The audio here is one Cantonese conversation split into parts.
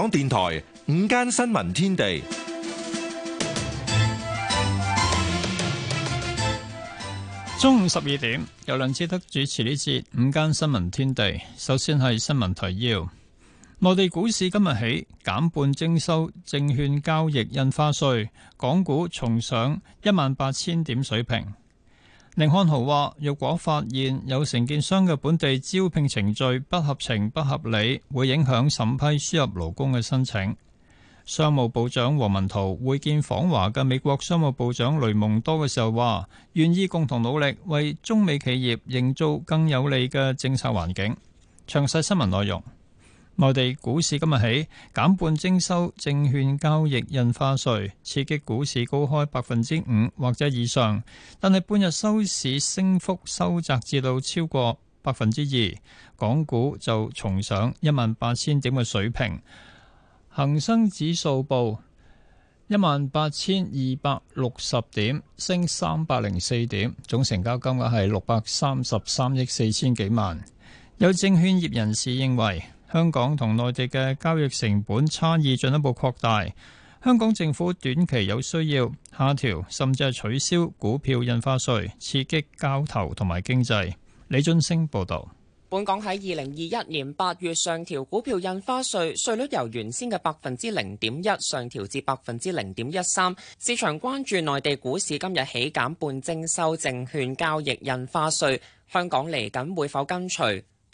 港電台午間新聞天地，中午十二點由梁志德主持呢節午間新聞天地。首先係新聞提要：內地股市今日起減半徵收證券交易印花稅，港股重上一萬八千點水平。甯漢豪話：若果發現有承建商嘅本地招聘程序不合情不合理，會影響審批輸入勞工嘅申請。商務部長黃文濤會見訪華嘅美國商務部長雷蒙多嘅時候，話願意共同努力，為中美企業營造更有利嘅政策環境。詳細新聞內容。內地股市今日起減半徵收證券交易印花稅，刺激股市高開百分之五或者以上。但係半日收市升幅收窄至到超過百分之二。港股就重上一萬八千點嘅水平，恒生指數報一萬八千二百六十點，升三百零四點，總成交金額係六百三十三億四千幾萬。有證券業人士認為，香港同內地嘅交易成本差異進一步擴大，香港政府短期有需要下調甚至係取消股票印花稅，刺激交投同埋經濟。李津星報導。本港喺二零二一年八月上調股票印花稅，稅率由原先嘅百分之零點一上調至百分之零點一三。市場關注內地股市今日起減半徵收證券交易印花稅，香港嚟緊會否跟隨？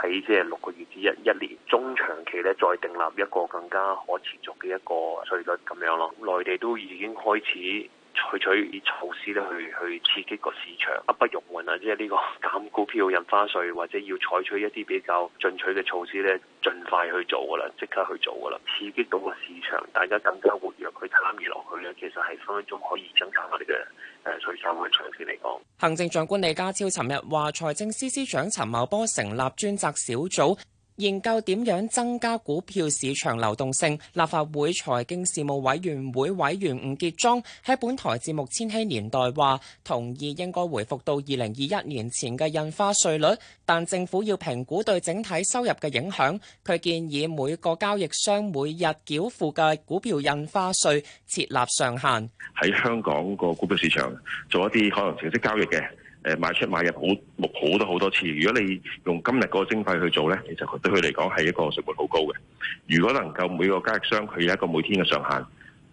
喺即係六個月至一一年中長期咧，再訂立一個更加可持續嘅一個稅率咁樣咯。內地都已經開始採取措施咧，去去刺激個市場，刻不容緩啊！即係呢個減股票印花稅，或者要採取一啲比較進取嘅措施咧，盡快去做噶啦，即刻去做噶啦，刺激到個市場，大家更加活躍佢參與落去咧，其實係分分鐘可以增加我哋嘅誒稅收嘅長線嚟講。行政長官李家超尋日話，財政司司長陳茂波成立專責小組。研究點樣增加股票市場流動性，立法會財經事務委員會委員吳傑莊喺本台節目《千禧年代》話，同意應該回復到二零二一年前嘅印花稅率，但政府要評估對整體收入嘅影響。佢建議每個交易商每日繳付嘅股票印花稅設立上限。喺香港個股票市場做一啲可能程式交易嘅。誒買出買入好，好好多好多次。如果你用今日個徵費去做咧，其實對佢嚟講係一個成本好高嘅。如果能夠每個交易商佢有一個每天嘅上限，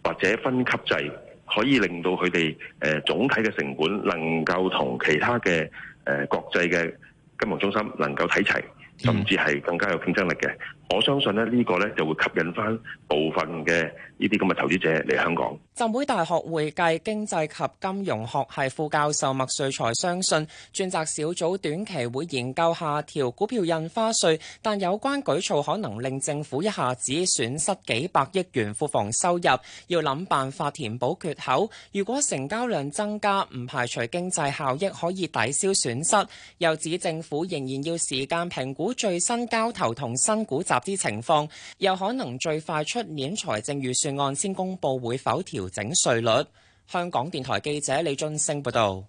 或者分級制，可以令到佢哋誒總體嘅成本能夠同其他嘅誒國際嘅金融中心能夠睇齊，甚至係更加有競爭力嘅。我相信咧呢個咧就會吸引翻部分嘅呢啲咁嘅投資者嚟香港。浸會大學會計經濟及金融學系副教授麥瑞才相信，專責小組短期會研究下調股票印花稅，但有關舉措可能令政府一下子損失幾百億元庫房收入，要諗辦法填補缺口。如果成交量增加，唔排除經濟效益可以抵消損失。又指政府仍然要時間評估最新交投同新股集合資情況，又可能最快出年財政預算案先公布會否調整稅率。香港電台記者李俊升報道。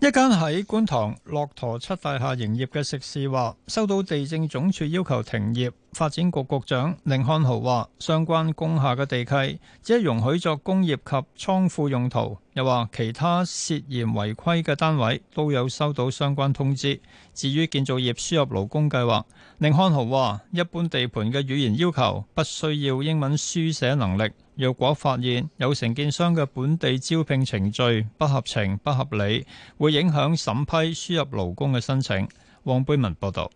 一間喺觀塘駱駝漆大廈營業嘅食肆話，收到地政總署要求停業。發展局局長寧漢豪話，相關工廈嘅地契只係容許作工業及倉庫用途。又話其他涉嫌違規嘅單位都有收到相關通知。至於建造業輸入勞工計劃，寧漢豪話：一般地盤嘅語言要求不需要英文書寫能力。若果發現有承建商嘅本地招聘程序不合情不合理，會影響審批輸入勞工嘅申請。黃貝文報道。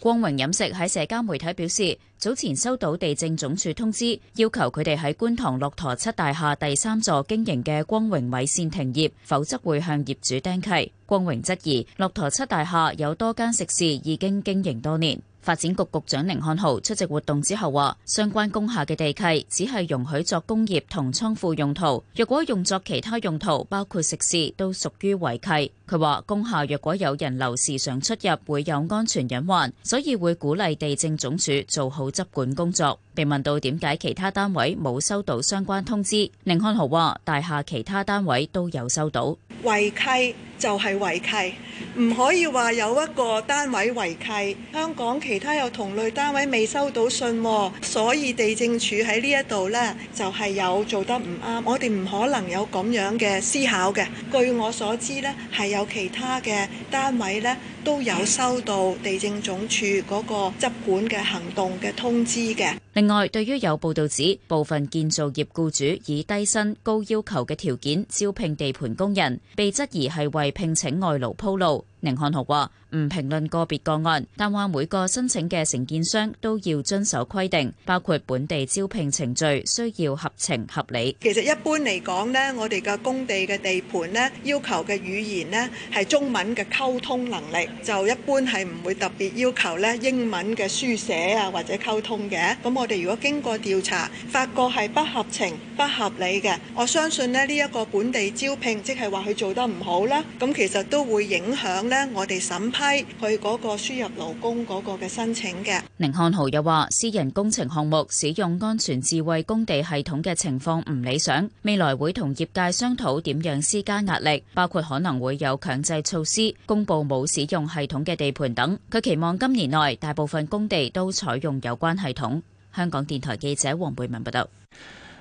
光榮飲食喺社交媒體表示，早前收到地政總署通知，要求佢哋喺觀塘駱駝漆大廈第三座經營嘅光榮米線停業，否則會向業主釘契。光榮質疑駱駝漆大廈有多間食肆已經經營多年。發展局局長寧漢豪出席活動之後話，相關工廈嘅地契只係容許作工業同倉庫用途，若果用作其他用途，包括食肆，都屬於違契。佢話工廈若果有人流時常出入，會有安全隱患，所以會鼓勵地政總署做好執管工作。被問到點解其他單位冇收到相關通知，寧漢豪話大廈其他單位都有收到違契，就係違契，唔可以話有一個單位違契。香港其他有同類單位未收到信，所以地政處喺呢一度呢，就係有做得唔啱。我哋唔可能有咁樣嘅思考嘅。據我所知呢，係有其他嘅單位呢，都有收到地政總署嗰個執管嘅行動嘅通知嘅。另外，對於有報道指部分建造業僱主以低薪高要求嘅條件招聘地盤工人，被質疑係為聘請外勞鋪路。寧漢豪話：唔評論個別個案，但話每個申請嘅承建商都要遵守規定，包括本地招聘程序需要合情合理。其實一般嚟講呢，我哋嘅工地嘅地盤呢，要求嘅語言呢係中文嘅溝通能力，就一般係唔會特別要求呢英文嘅書寫啊或者溝通嘅。咁我哋如果經過調查，發覺係不合情不合理嘅，我相信呢呢一個本地招聘，即係話佢做得唔好啦，咁其實都會影響。我哋審批佢嗰個輸入勞工嗰個嘅申請嘅。寧漢豪又話，私人工程項目使用安全智慧工地系統嘅情況唔理想，未來會同業界商討點樣施加壓力，包括可能會有強制措施，公布冇使用系統嘅地盤等。佢期望今年內大部分工地都採用有關系統。香港電台記者黃貝文報道。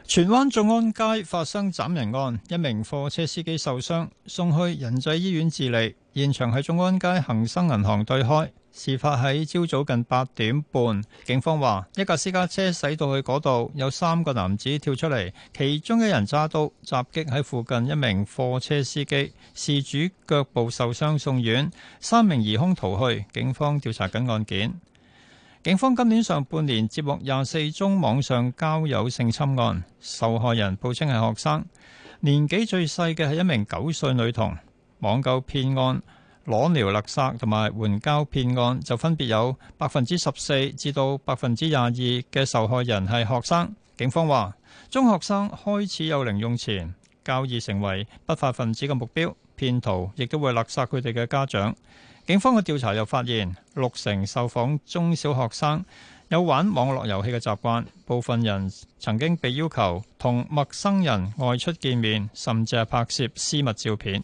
荃灣眾安街發生斬人案，一名貨車司機受傷，送去仁濟醫院治理。現場喺眾安街恒生銀行對開，事發喺朝早近八點半。警方話，一架私家車駛到去嗰度，有三個男子跳出嚟，其中一人揸刀襲擊喺附近一名貨車司機，事主腳部受傷送院，三名疑兇逃去，警方調查緊案件。警方今年上半年接獲廿四宗網上交友性侵案，受害人報稱係學生，年紀最細嘅係一名九歲女童。網購騙案、裸聊勒殺同埋援交騙案就分別有百分之十四至到百分之廿二嘅受害人係學生。警方話，中學生開始有零用錢，交易成為不法分子嘅目標，騙徒亦都會勒殺佢哋嘅家長。警方嘅調查又發現，六成受訪中小學生有玩網絡遊戲嘅習慣，部分人曾經被要求同陌生人外出見面，甚至係拍攝私密照片。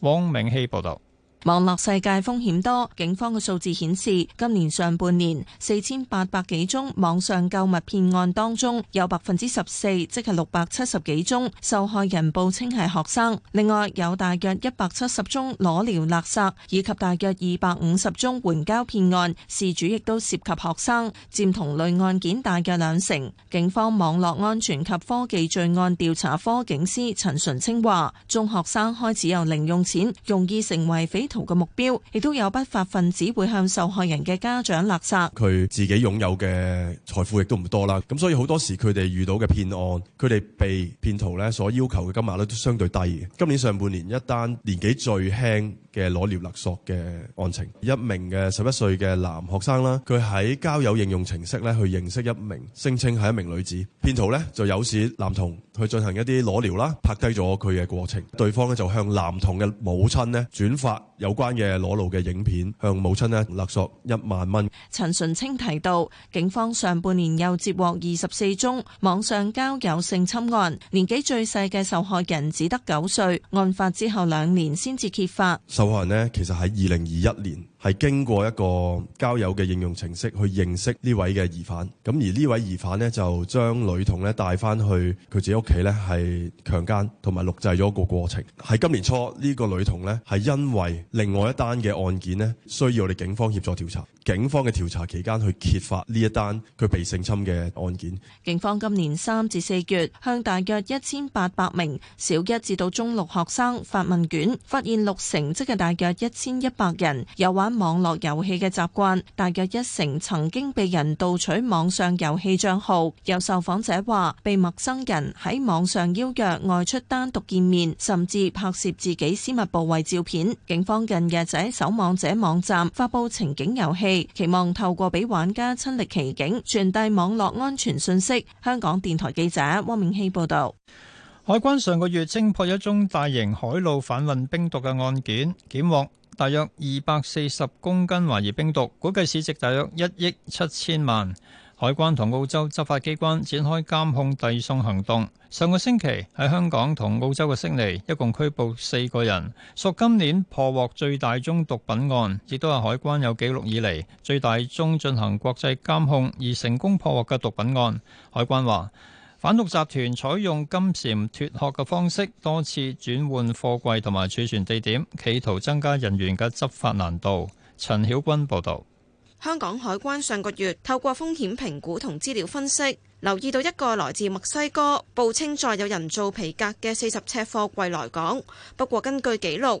汪明熙報導。網絡世界風險多，警方嘅數字顯示，今年上半年四千八百幾宗網上購物騙案當中，有百分之十四，即係六百七十幾宗，受害人報稱係學生。另外有大約一百七十宗裸聊勒索，以及大約二百五十宗援交騙案，事主亦都涉及學生，佔同類案件大約兩成。警方網絡安全及科技罪案調查科警司陳純清話，中學生開始有零用錢，容易成為匪圖嘅目標，亦都有不法分子會向受害人嘅家長勒索。佢自己擁有嘅財富亦都唔多啦，咁所以好多時佢哋遇到嘅騙案，佢哋被騙徒咧所要求嘅金額咧都相對低嘅。今年上半年一單年紀最輕嘅裸聊勒索嘅案情，一名嘅十一歲嘅男學生啦，佢喺交友應用程式咧去認識一名聲稱係一名女子，騙徒呢就誘使男童去進行一啲裸聊啦，拍低咗佢嘅過程，對方呢就向男童嘅母親呢轉發。有關嘅裸露嘅影片，向母親呢勒索一萬蚊。陳純清提到，警方上半年又接獲二十四宗網上交友性侵案，年紀最細嘅受害人只得九歲，案發之後兩年先至揭發。受害人呢其實喺二零二一年。係經過一個交友嘅應用程式去認識呢位嘅疑犯，咁而呢位疑犯呢，就將女童咧帶翻去佢自己屋企呢係強姦，同埋錄製咗一個過程。喺今年初呢個女童呢，係因為另外一單嘅案件呢需要我哋警方協助調查，警方嘅調查期間去揭發呢一單佢被性侵嘅案件。警方今年三至四月向大約一千八百名小一至到中六學生發問卷，發現六成即係大約一千一百人有玩網絡遊戲嘅習慣，大約一成曾經被人盜取網上遊戲賬號。有受訪者話，被陌生人喺網上邀約外出單獨見面，甚至拍攝自己私密部位照片。警方近日就喺守網者網站發佈情景遊戲，期望透過俾玩家親歷其境，傳遞網絡安全信息。香港電台記者汪銘希報道。海關上個月偵破一宗大型海路販運冰毒嘅案件，檢獲。大約二百四十公斤懷疑冰毒，估計市值大約一億七千萬。海關同澳洲執法機關展開監控遞送行動。上個星期喺香港同澳洲嘅悉尼，一共拘捕四個人，屬今年破獲最大宗毒品案，亦都係海關有紀錄以嚟最大宗進行國際監控而成功破獲嘅毒品案。海關話。反毒集團採用金蟬脱殼嘅方式，多次轉換貨櫃同埋儲存地點，企圖增加人員嘅執法難度。陳曉君報導。香港海關上個月透過風險評估同資料分析，留意到一個來自墨西哥、報稱載有人造皮革嘅四十尺貨櫃來港。不過根據記錄。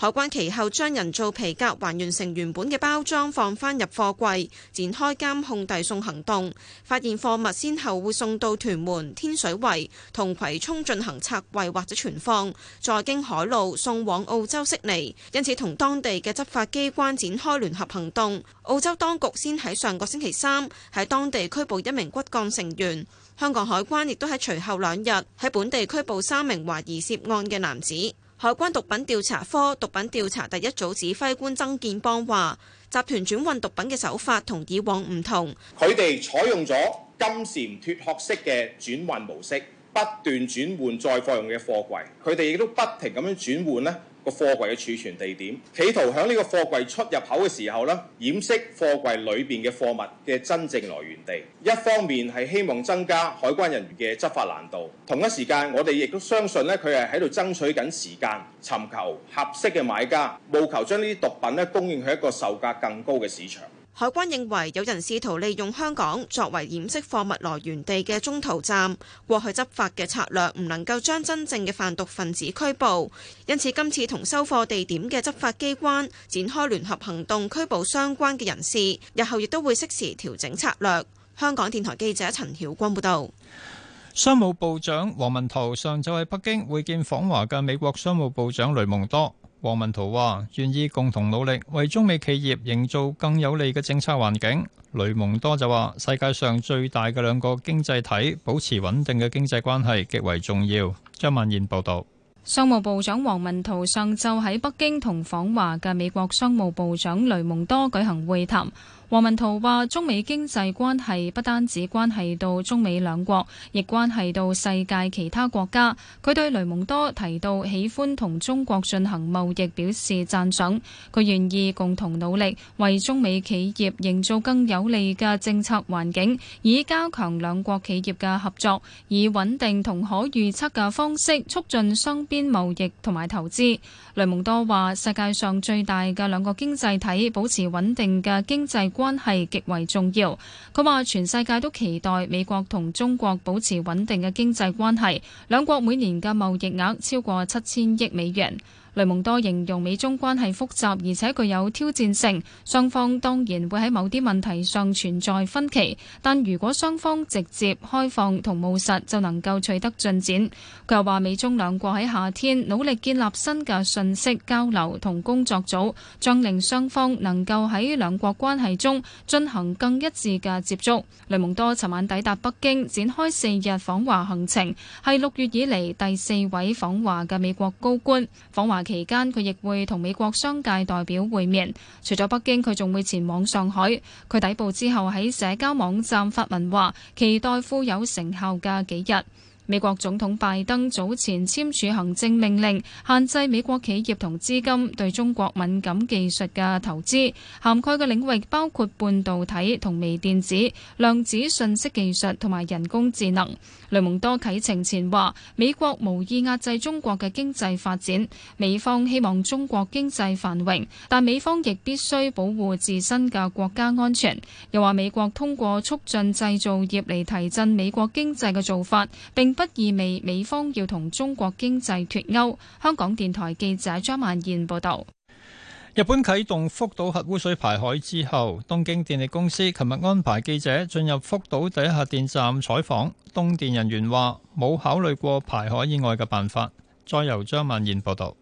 海關其後將人造皮革還原成原本嘅包裝，放返入貨櫃，展開監控遞送行動。發現貨物先後會送到屯門、天水圍同葵涌進行拆櫃或者存放，再經海路送往澳洲悉尼，因此同當地嘅執法機關展開聯合行動。澳洲當局先喺上個星期三喺當地拘捕一名骨幹成員，香港海關亦都喺隨後兩日喺本地拘捕三名懷疑涉案嘅男子。海關毒品調查科毒品調查第一組指揮官曾建邦話，集團轉運毒品嘅手法同以往唔同，佢哋採用咗金蟬脫殼式嘅轉運模式，不斷轉換載貨用嘅貨櫃，佢哋亦都不停咁樣轉換咧，個貨櫃嘅儲存地點，企圖喺呢個貨櫃出入口嘅時候咧，掩飾貨櫃裏邊嘅貨物嘅真正來源地。一方面係希望增加海關人員嘅執法難度，同一時間我哋亦都相信咧，佢係喺度爭取緊時間，尋求合適嘅買家，務求將呢啲毒品咧，供應去一個售價更高嘅市場。海關認為有人試圖利用香港作為掩飾貨物來源地嘅中途站，過去執法嘅策略唔能夠將真正嘅販毒分子拘捕，因此今次同收貨地點嘅執法機關展開聯合行動，拘捕相關嘅人士。日後亦都會適時調整策略。香港電台記者陳曉君報道：「商務部長王文濤上晝喺北京會見訪華嘅美國商務部長雷蒙多。黃文圖話願意共同努力，為中美企業營造更有利嘅政策環境。雷蒙多就話，世界上最大嘅兩個經濟體保持穩定嘅經濟關係極為重要。張曼燕報道，商務部長王文濤上晝喺北京同訪華嘅美國商務部長雷蒙多舉行會談。黃文濤話：中美經濟關係不單止關係到中美兩國，亦關係到世界其他國家。佢對雷蒙多提到喜歡同中國進行貿易表示讚賞。佢願意共同努力，為中美企業營造更有利嘅政策環境，以加強兩國企業嘅合作，以穩定同可預測嘅方式促進雙邊貿易同埋投資。雷蒙多話：世界上最大嘅兩個經濟體保持穩定嘅經濟關係極為重要。佢話全世界都期待美國同中國保持穩定嘅經濟關係，兩國每年嘅貿易額超過七千億美元。雷蒙多形容美中關係複雜而且具有挑戰性，雙方當然會喺某啲問題上存在分歧，但如果雙方直接開放同務實，就能夠取得進展。佢又話：美中兩國喺夏天努力建立新嘅信息交流同工作組，將令雙方能夠喺兩國關係中進行更一致嘅接觸。雷蒙多尋晚抵達北京，展開四日訪華行程，係六月以嚟第四位訪華嘅美國高官訪華。期間佢亦會同美國商界代表會面，除咗北京，佢仲會前往上海。佢抵步之後喺社交網站發文話，期待富有成效嘅幾日。美國總統拜登早前簽署行政命令，限制美國企業同資金對中國敏感技術嘅投資，涵蓋嘅領域包括半導體同微電子、量子信息技術同埋人工智能。雷蒙多啟程前話：美國無意壓制中國嘅經濟發展，美方希望中國經濟繁榮，但美方亦必須保護自身嘅國家安全。又話美國通過促進製造業嚟提振美國經濟嘅做法，並不意味美方要同中國經濟脱鈎，香港電台記者張萬燕報道。日本啟動福島核污水排海之後，東京電力公司琴日安排記者進入福島第一核電站採訪，東電人員話冇考慮過排海以外嘅辦法。再由張萬燕報道。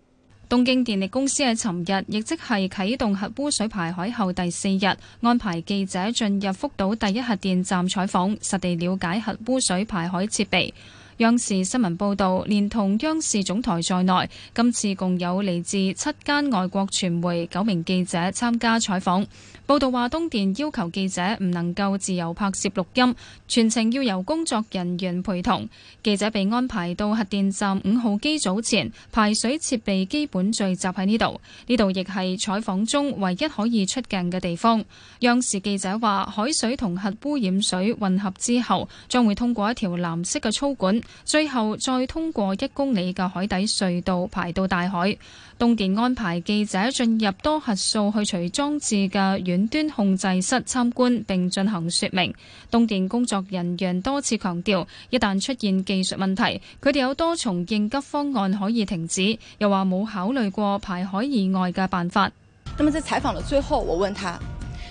東京電力公司喺尋日，亦即係啟動核污水排海後第四日，安排記者進入福島第一核電站採訪，實地了解核污水排海設備。央視新聞報導，連同央視總台在內，今次共有嚟自七間外國傳媒九名記者參加採訪。報導話，東電要求記者唔能夠自由拍攝錄音，全程要由工作人員陪同。記者被安排到核電站五號機組前排水設備，基本聚集喺呢度。呢度亦係採訪中唯一可以出鏡嘅地方。央視記者話，海水同核污染水混合之後，將會通過一條藍色嘅粗管。最後再通過一公里嘅海底隧道排到大海。東電安排記者進入多核素去除裝置嘅遠端控制室參觀，並進行說明。東電工作人員多次強調，一旦出現技術問題，佢哋有多重應急方案可以停止，又話冇考慮過排海以外嘅辦法。咁喺採訪最後，我問他，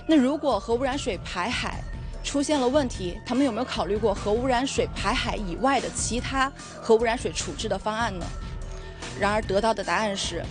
如果核污染水排海出現了問題，他們有沒有考慮過核污染水排海以外的其他核污染水處置的方案呢？然而得到的答案是。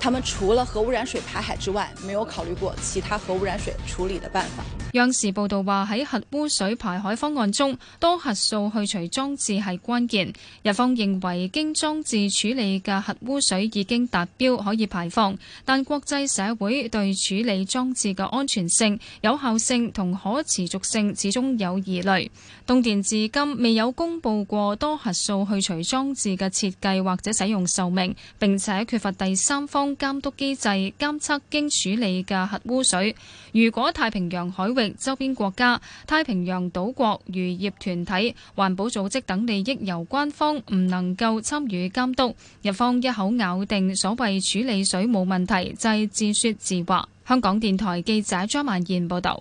他們除了核污染水排海之外，沒有考慮過其他核污染水處理的辦法。央視報道話喺核污水排海方案中，多核素去除裝置係關鍵。日方認為經裝置處理嘅核污水已經達標，可以排放。但國際社會對處理裝置嘅安全性、有效性同可持續性始終有疑慮。東電至今未有公布過多核素去除裝置嘅設計或者使用壽命，並且缺乏第三方。監督機制監測經處理嘅核污水。如果太平洋海域周邊國家、太平洋島國、漁業團體、環保組織等利益攸關方唔能夠參與監督，日方一口咬定所謂處理水冇問題，就係自說自話。香港電台記者張萬燕報道。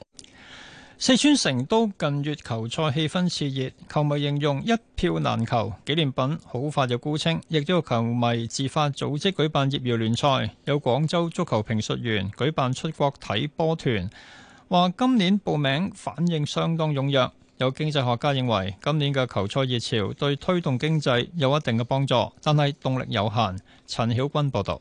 四川成都近月球賽氣氛熾熱，球迷形容一票難求，紀念品好快就沽清。亦都有球迷自發組織舉辦業餘聯賽，有廣州足球評述員舉辦出國睇波團，話今年報名反應相當踊躍。有經濟學家認為，今年嘅球賽熱潮對推動經濟有一定嘅幫助，但係動力有限。陳曉君報道。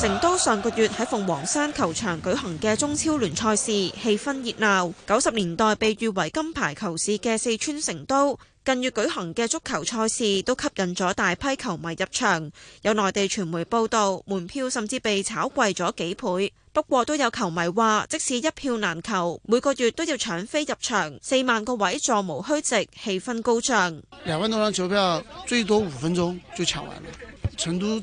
成都上個月喺鳳凰山球場舉行嘅中超聯賽事氣氛熱鬧。九十年代被譽為金牌球市嘅四川成都，近月舉行嘅足球賽事都吸引咗大批球迷入場。有內地傳媒報道，門票甚至被炒貴咗幾倍。不過都有球迷話，即使一票難求，每個月都要搶飛入場。四萬個位座無虛席，氣氛高漲。兩萬多張球票最多五分鐘就搶完了。成都。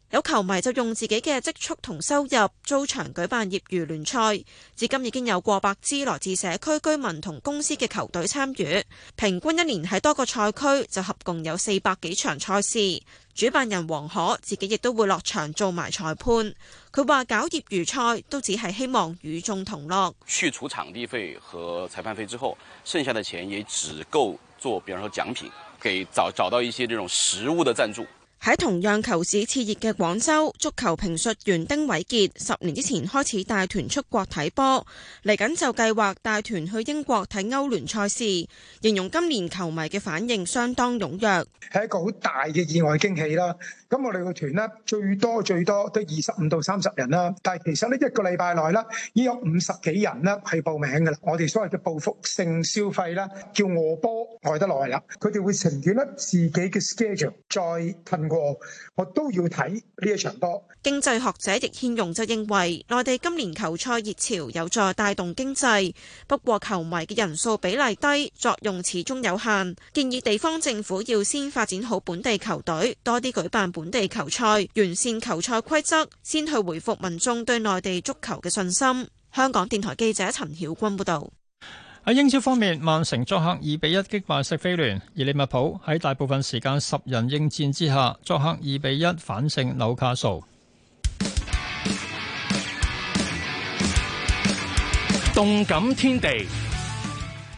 有球迷就用自己嘅積蓄同收入租場舉辦業餘聯賽，至今已經有過百支來自社區居民同公司嘅球隊參與，平均一年喺多個賽區就合共有四百幾場賽事。主辦人黃可自己亦都會落場做埋裁判。佢話搞業餘賽都只係希望與眾同樂。去除場地費和裁判費之後，剩下的錢也只夠做，比方說獎品，給找找到一些這種實物的贊助。喺同樣球市熾熱嘅廣州，足球評述員丁偉傑十年之前開始帶團出國睇波，嚟緊就計劃帶團去英國睇歐聯賽事，形容今年球迷嘅反應相當踴躍，係一個好大嘅意外驚喜啦。咁我哋個團呢，最多最多都二十五到三十人啦，但係其實呢，一個禮拜內呢，已有五十幾人啦係報名㗎啦。我哋所謂嘅報復性消費咧，叫餓波餓得耐啦，佢哋會承認咧自己嘅 schedule 再騰。我都要睇呢一場波。經濟學者易憲容就認為，內地今年球賽熱潮有助帶動經濟，不過球迷嘅人數比例低，作用始終有限。建議地方政府要先發展好本地球隊，多啲舉辦本地球賽，完善球賽規則，先去回復民眾對內地足球嘅信心。香港電台記者陳曉君報導。喺英超方面，曼城作客二比一擊敗錫菲聯，而利物浦喺大部分時間十人應戰之下，作客二比一反勝紐卡素。動感天地，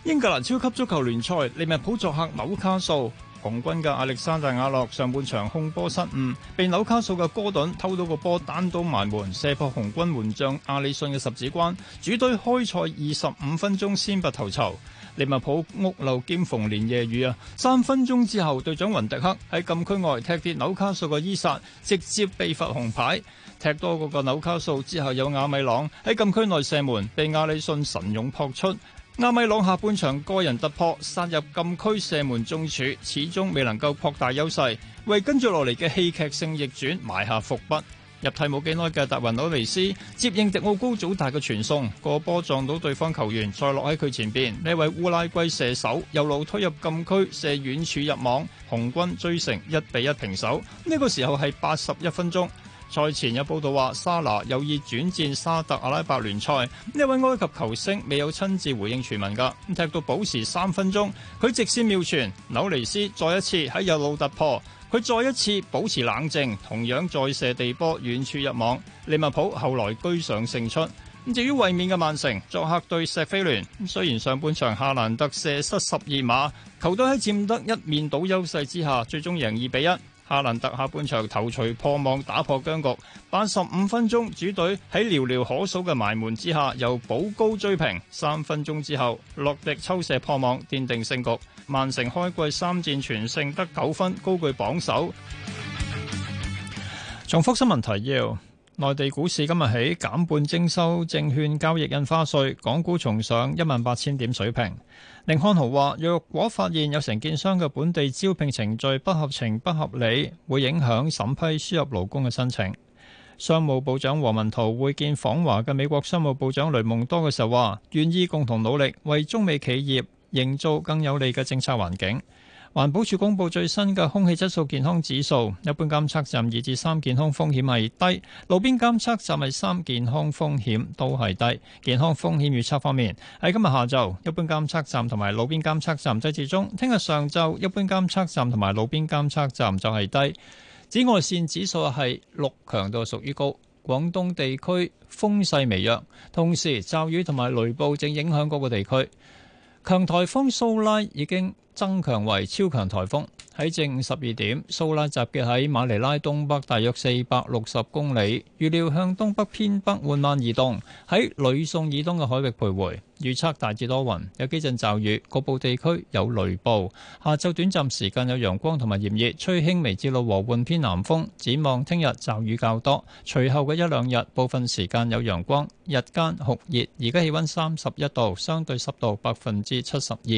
英格蘭超級足球聯賽，利物浦作客紐卡素。紅軍嘅亞歷山大·亞洛上半場控波失誤，被紐卡素嘅哥頓偷到個波，單刀埋門射破紅軍門將阿里遜嘅十指關。主隊開賽二十五分鐘先拔頭籌，利物浦屋漏兼逢連夜雨啊！三分鐘之後，隊長雲迪克喺禁區外踢跌紐卡素嘅伊薩，直接被罰紅牌。踢多嗰個紐卡素之後，有亞米朗喺禁區內射門，被阿里遜神勇撲出。阿米朗下半場個人突破殺入禁區射門中柱，始終未能夠擴大優勢，為跟住落嚟嘅戲劇性逆轉埋下伏筆。入替冇幾耐嘅達雲紐尼斯接應迪奧高祖達嘅傳送，個波撞到對方球員，再落喺佢前邊。呢位烏拉圭射手右路推入禁區射遠處入網，紅軍追成一比一平手。呢個時候係八十一分鐘。賽前有報道話，莎拿有意轉戰沙特阿拉伯聯賽。呢位埃及球星未有親自回應傳聞噶。咁踢到補時三分鐘，佢直線妙傳紐尼斯，再一次喺右路突破。佢再一次保持冷靜，同樣再射地波，遠處入網。利物浦後來居上勝出。咁至於衛冕嘅曼城，作客對石飛聯，雖然上半場夏蘭特射失十二碼，球隊喺佔得一面倒優勢之下，最終贏二比一。哈蘭特下半場頭槌破網打破僵局，八十五分鐘主隊喺寥寥可數嘅埋門之下又補高追平，三分鐘之後洛迪抽射破網奠定勝局。曼城開季三戰全勝得九分高居榜首。重複新聞提要。內地股市今日起減半徵收證券交易印花稅，港股重上一萬八千點水平。寧漢豪話：若果發現有承建商嘅本地招聘程序不合情不合理，會影響審批輸入勞工嘅申請。商務部長黃文濤會見訪華嘅美國商務部長雷蒙多嘅時候，話願意共同努力，為中美企業營造更有利嘅政策環境。環保署公布最新嘅空氣質素健康指數，一般監測站二至三健康風險係低，路邊監測站係三健康風險都係低。健康風險預測方面，喺今日下晝，一般監測站同埋路邊監測站都係中；聽日上晝，一般監測站同埋路邊監測站就係低。紫外線指數係六，強度屬於高。廣東地區風勢微弱，同時驟雨同埋雷暴正影響各個地區。強颱風蘇拉已經。增強為超強台風，喺正午十二點，蘇拉集結喺馬尼拉東北大約四百六十公里，預料向東北偏北緩慢移動，喺呂宋以東嘅海域徘徊。預測大致多雲，有幾陣驟雨，局部地區有雷暴。下晝短暫時間有陽光同埋炎熱，吹輕微至到和緩偏南風。展望聽日驟雨較多，隨後嘅一兩日部分時間有陽光，日間酷熱。而家氣温三十一度，相對濕度百分之七十二。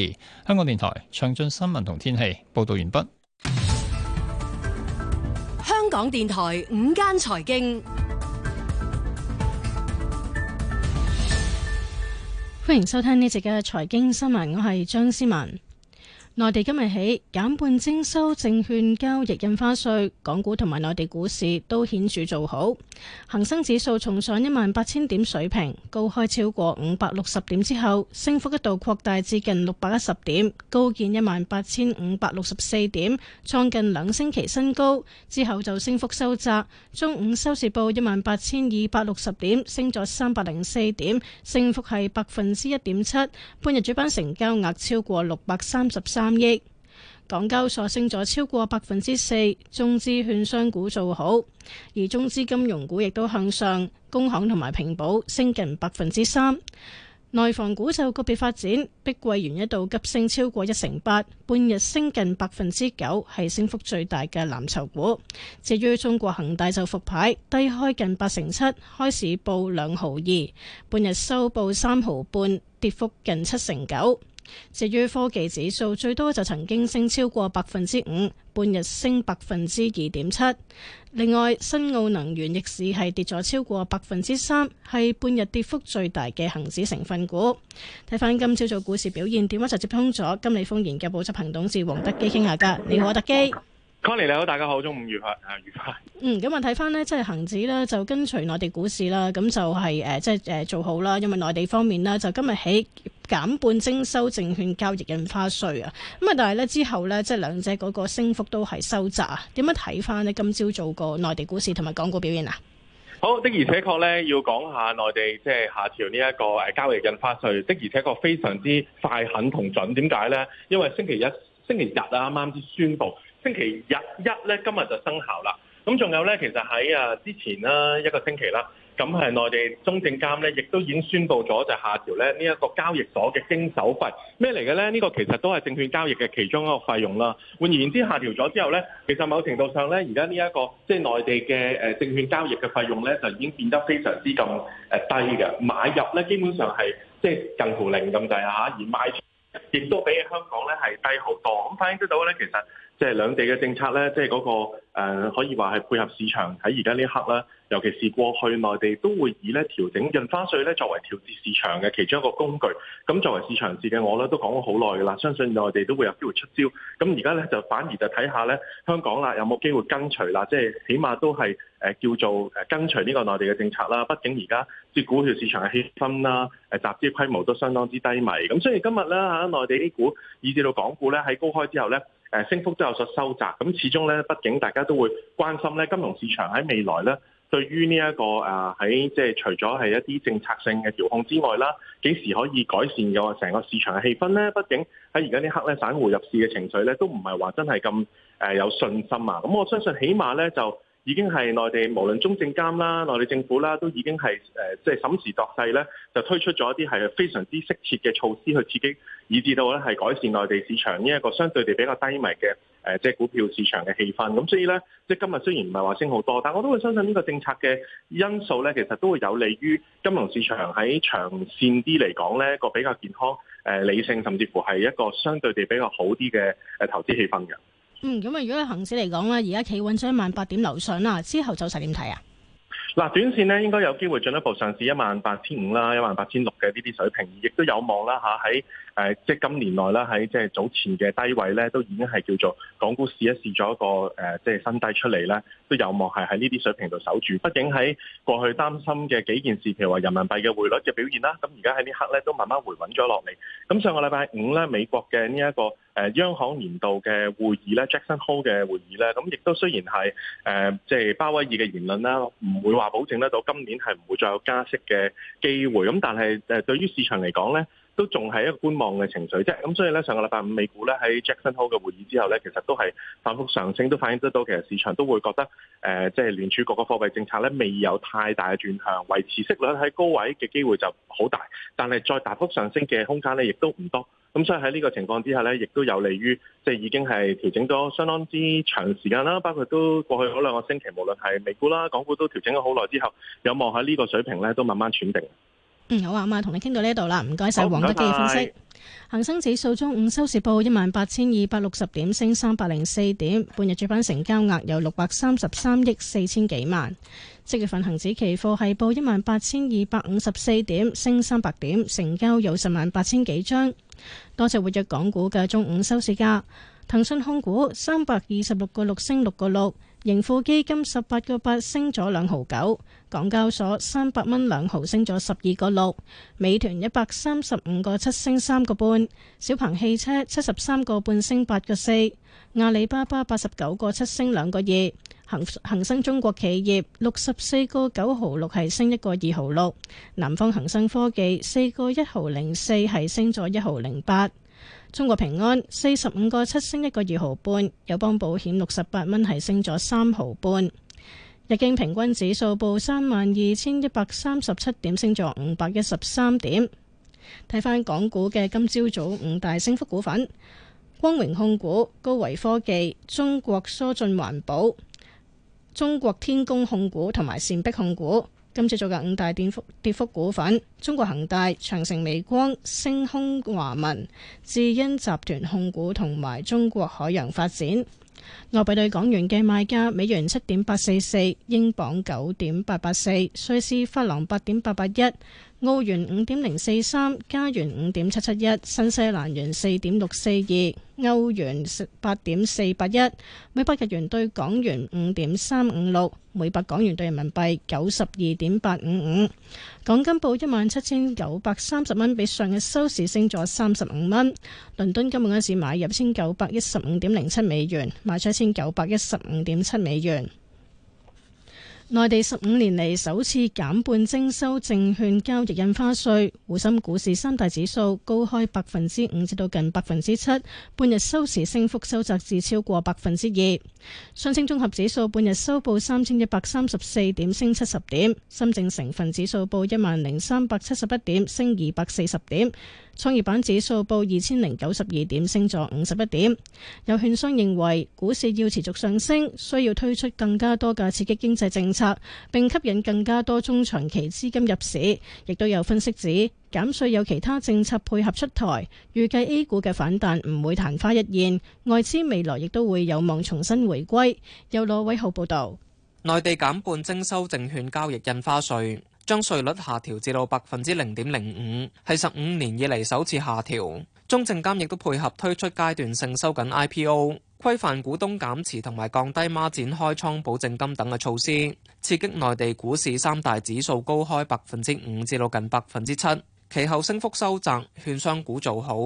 香港電台。跟進新聞同天氣報道完畢。香港電台午間財經，歡迎收聽呢集嘅財經新聞，我係張思文。內地今日起減半徵收證券交易印花稅，港股同埋內地股市都顯著做好。恒生指數重上一萬八千點水平，高開超過五百六十點之後，升幅一度擴大至近六百一十點，高見一萬八千五百六十四點，創近兩星期新高。之後就升幅收窄，中午收市報一萬八千二百六十點，升咗三百零四點，升幅係百分之一點七。半日主板成交額超過六百三十三三億，港交所升咗超過百分之四，中資券商股做好，而中資金融股亦都向上，工行同埋平保升近百分之三。內房股就個別發展，碧桂園一度急升超過一成八，半日升近百分之九，係升幅最大嘅藍籌股。至於中國恒大就復牌，低開近八成七，開市報兩毫二，半日收報三毫半，跌幅近七成九。至於科技指數最多就曾經升超過百分之五，半日升百分之二點七。另外，新奧能源逆市係跌咗超過百分之三，係半日跌幅最大嘅恒指成分股。睇返今朝早股市表現，電話就接通咗金利豐研究部執行董事黃德基傾下偈。你好，德基。康尼你好，大家好，中午愉快，啊愉快。嗯，咁啊睇翻呢，即係恒指呢，就跟隨內地股市啦，咁就係誒，即係誒做好啦，因為內地方面呢，就今日起減半徵收證券交易印花稅啊。咁啊，但係咧之後咧，即係兩隻嗰個升幅都係收窄啊。點樣睇翻呢？今朝做個內地股市同埋港股表現啊？好的，而且確咧要講下內地即係下調呢一個誒交易印花稅，的而且確非常之快、狠同準。點解咧？因為星期一、星期日啊，啱啱先宣布。星期日一咧，今日就生效啦。咁仲有咧，其實喺啊之前啦，一個星期啦，咁係內地中證監咧，亦都已經宣布咗就下調咧呢一個交易所嘅經手費咩嚟嘅咧？呢個其實都係證券交易嘅其中一個費用啦。換而言之，下調咗之後咧，其實某程度上咧，而家呢一個即係內地嘅誒證券交易嘅費用咧，就已經變得非常之咁誒低嘅。買入咧，基本上係即係近乎零咁滯嚇，而賣亦都比香港咧係低好多。咁反映得到咧，其實。即係兩地嘅政策咧，即係嗰個、呃、可以話係配合市場喺而家呢刻啦。尤其是過去內地都會以咧調整印花稅咧作為調節市場嘅其中一個工具。咁、嗯、作為市場市嘅我咧都講咗好耐㗎啦，相信內地都會有機會出招。咁而家咧就反而就睇下咧香港啦有冇機會跟隨啦，即係起碼都係誒叫做誒跟隨呢個內地嘅政策啦。畢竟而家即股票市場嘅氣氛啦、誒集資規模都相當之低迷。咁、嗯、所以今日咧嚇內地 A 股以至到港股咧喺高開之後咧。誒升幅都有所收窄，咁始終咧，畢竟大家都會關心咧，金融市場喺未來咧，對於呢一個誒喺即係除咗係一啲政策性嘅調控之外啦，幾時可以改善嘅成個市場嘅氣氛咧？畢竟喺而家呢刻咧，散戶入市嘅情緒咧都唔係話真係咁誒有信心啊，咁我相信起碼咧就。已經係內地無論中證監啦、內地政府啦，都已經係誒即係審時度勢咧，就推出咗一啲係非常之適切嘅措施去刺激，以至到咧係改善內地市場呢一個相對地比較低迷嘅誒即係股票市場嘅氣氛。咁所以咧，即係今日雖然唔係話升好多，但我都會相信呢個政策嘅因素咧，其實都會有利於金融市場喺長線啲嚟講咧一個比較健康、誒、呃、理性，甚至乎係一個相對地比較好啲嘅誒投資氣氛嘅。嗯，咁、嗯、啊，如果喺行市嚟講咧，而家企穩咗一萬八點樓上啦，之後走勢點睇啊？嗱，短線咧應該有機會進一步上至一萬八千五啦，一萬八千六嘅呢啲水平，亦都有望啦嚇喺誒，即係今年內啦，喺即係早前嘅低位咧，都已經係叫做港股試一試咗一個誒，即係新低出嚟咧，都有望係喺呢啲水平度守住。畢竟喺過去擔心嘅幾件事，譬如話人民幣嘅匯率嘅表現啦，咁而家喺呢刻咧都慢慢回穩咗落嚟。咁上個禮拜五咧，美國嘅呢一個誒央行年度嘅會議咧，Jackson Hole 嘅會議咧，咁亦都雖然係誒，即係鮑威爾嘅言論咧，唔會話保證得到今年係唔會再有加息嘅機會，咁但係誒對於市場嚟講咧，都仲係一個觀望嘅情緒，即係咁，所以咧上個禮拜五美股咧喺 Jackson Hole 嘅會議之後咧，其實都係反覆上升，都反映得到其實市場都會覺得誒，即係聯儲局嘅貨幣政策咧未有太大嘅轉向，維持息率喺高位嘅機會就好大，但係再大幅上升嘅空間咧亦都唔多，咁所以喺呢個情況之下咧，亦都有利於，即係已經係調整咗相當之長時間啦，包括都過去嗰兩個星期，無論係美股啦、港股都調整咗好耐之後，有望喺呢個水平咧都慢慢喘定。嗯，好啊，阿媽，同你傾到呢一度啦，唔該晒，黃德基嘅分析。謝謝。恒生指數中午收市報一萬八千二百六十點，升三百零四點，半日主板成交額有六百三十三億四千幾萬。即月份恒指期貨係報一萬八千二百五十四點，升三百點，成交有十萬八千幾張。多隻活躍港股嘅中午收市價，騰訊控股三百二十六個六升六個六。盈富基金十八個八升咗兩毫九，港交所三百蚊兩毫升咗十二個六，美團一百三十五個七升三個半，小鵬汽車七十三個半升八個四，阿里巴巴八十九個七升兩個二，恒恒生中國企業六十四個九毫六係升一個二毫六，南方恒生科技四個一毫零四係升咗一毫零八。中國平安四十五個七升一個二毫半，友邦保險六十八蚊係升咗三毫半，日經平均指數報三萬二千一百三十七點，升咗五百一十三點。睇翻港股嘅今朝早早五大升幅股份：光榮控股、高維科技、中國疏進環保、中國天工控股同埋善壁控股。今次做嘅五大跌幅跌幅股份：中國恒大、長城、微光、星空華文、智恩集團控股同埋中國海洋發展。外幣兌港元嘅賣價：美元七點八四四，英鎊九點八八四，瑞士法郎八點八八一。澳元五點零四三，加元五點七七一，新西蘭元四點六四二，歐元八點四八一，每百日元兌港元五點三五六，每百港元兌人民幣九十二點八五五。港金報一萬七千九百三十蚊，比上日收市升咗三十五蚊。倫敦金本港市買入一千九百一十五點零七美元，賣出一千九百一十五點七美元。內地十五年嚟首次減半徵收證券交易印花稅，滬深股市三大指數高開百分之五，至到近百分之七，半日收市升幅收窄至超過百分之二。上證綜合指數半日收報三千一百三十四點，升七十點；深證成分指數報一萬零三百七十一點，升二百四十點。創業板指數報二千零九十二點，升咗五十一點。有券商認為，股市要持續上升，需要推出更加多嘅刺激經濟政策，並吸引更加多中長期資金入市。亦都有分析指，減稅有其他政策配合出台，預計 A 股嘅反彈唔會曇花一現，外資未來亦都會有望重新回歸。由羅偉浩報導，內地減半徵收證券交易印花稅。將稅率下調至到百分之零點零五，係十五年以嚟首次下調。中證監亦都配合推出階段性收緊 IPO、規範股東減持同埋降低孖展開倉保證金等嘅措施，刺激內地股市三大指數高開百分之五至到近百分之七。其後升幅收窄，券商股做好。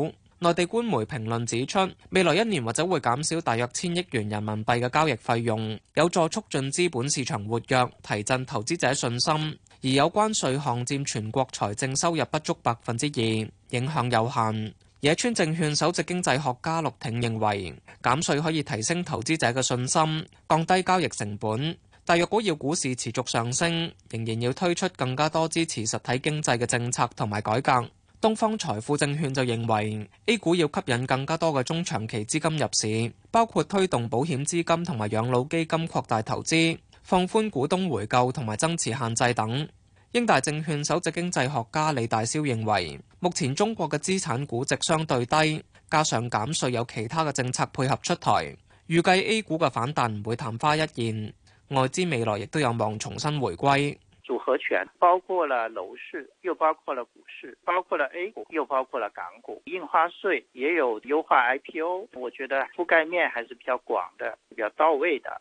內地官媒評論指出，未來一年或者會減少大約千億元人民幣嘅交易費用，有助促進資本市場活躍，提振投資者信心。而有關稅項佔全國財政收入不足百分之二，影響有限。野村證券首席經濟學家陸挺認為，減稅可以提升投資者嘅信心，降低交易成本。但若果要股市持續上升，仍然要推出更加多支持實體經濟嘅政策同埋改革。東方財富證券就認為，A 股要吸引更加多嘅中長期資金入市，包括推動保險資金同埋養老基金擴大投資。放寬股東回購同埋增持限制等。英大證券首席經濟學家李大霄認為，目前中國嘅資產估值相對低，加上減稅有其他嘅政策配合出台，預計 A 股嘅反彈唔會曇花一現。外資未來亦都有望重新回歸。組合拳包括了樓市，又包括了股市，包括了 A 股，又包括了港股。印花稅也有優化 IPO，我覺得覆蓋面還是比較廣的，比較到位的。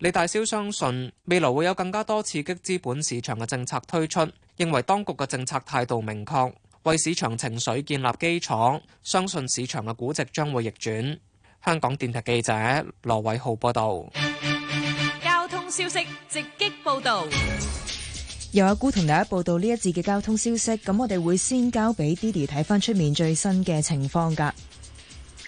李大霄相信未來會有更加多刺激資本市場嘅政策推出，認為當局嘅政策態度明確，為市場情緒建立基礎，相信市場嘅估值將會逆轉。香港電台記者羅偉浩報道。交通消息直擊報道，由阿姑同大家報道呢一節嘅交通消息。咁我哋會先交俾 Didi 睇翻出面最新嘅情況噶。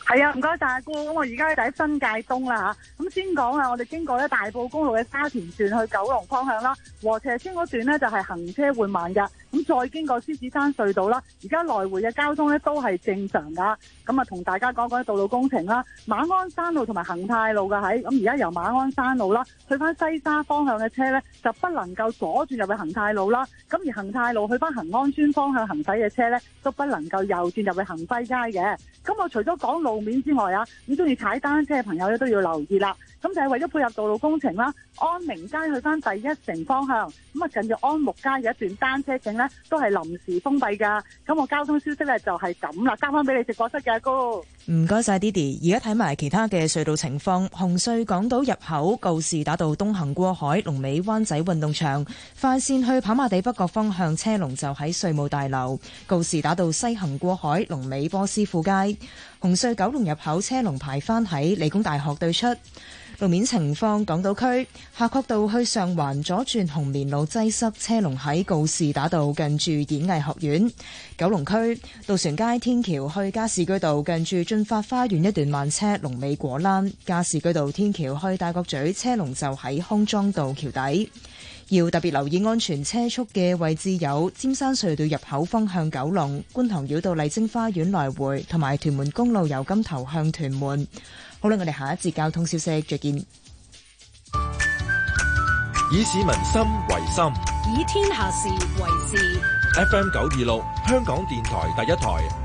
係啊，唔該大阿姑。咁我而家就喺新界東啦吓，咁先講啊，我哋經過咧大埔公路嘅沙田段去九龍方向啦，和禾輋段咧就係行車緩慢嘅。咁再經過獅子山隧道啦，而家來回嘅交通咧都係正常噶。咁啊，同大家講講道路工程啦，馬鞍山路同埋恒泰路嘅喺，咁而家由馬鞍山路啦去翻西沙方向嘅車咧就不能夠左轉入去恒泰路啦。咁而恒泰路去翻恒安村方向行駛嘅車咧都不能夠右轉入去恒輝街嘅。咁我除咗講路路面之外啊，咁中意踩單車嘅朋友咧都要留意啦。咁就係為咗配合道路工程啦。安寧街去翻第一城方向，咁啊，近住安木街嘅一段單車徑呢，都係臨時封閉噶。咁我交通消息呢就係咁啦，交翻俾你食果汁嘅阿哥。唔該曬 Didi，而家睇埋其他嘅隧道情況。紅隧港島入口告士打道東行過海，龍尾灣仔運動場快線去跑馬地北角方向，車龍就喺稅務大樓告士打道西行過海，龍尾波斯富街，紅隧九龍入口車龍排翻喺理工大學對出。路面情況，港島區夏慤道去上環左轉紅棉路擠塞，車龍喺告士打道近住演藝學院；九龍區渡船街天橋去加士居道近住駿發花園一段慢車，龍尾果欄；加士居道天橋去大角咀車龍就喺康莊道橋底。要特別留意安全車速嘅位置有尖山隧道入口方向九龍觀塘繞道麗晶花園來回，同埋屯門公路由金頭向屯門。好啦，我哋下一節交通消息，再見。以市民心為心，以天下事為事。FM 九二六，香港電台第一台。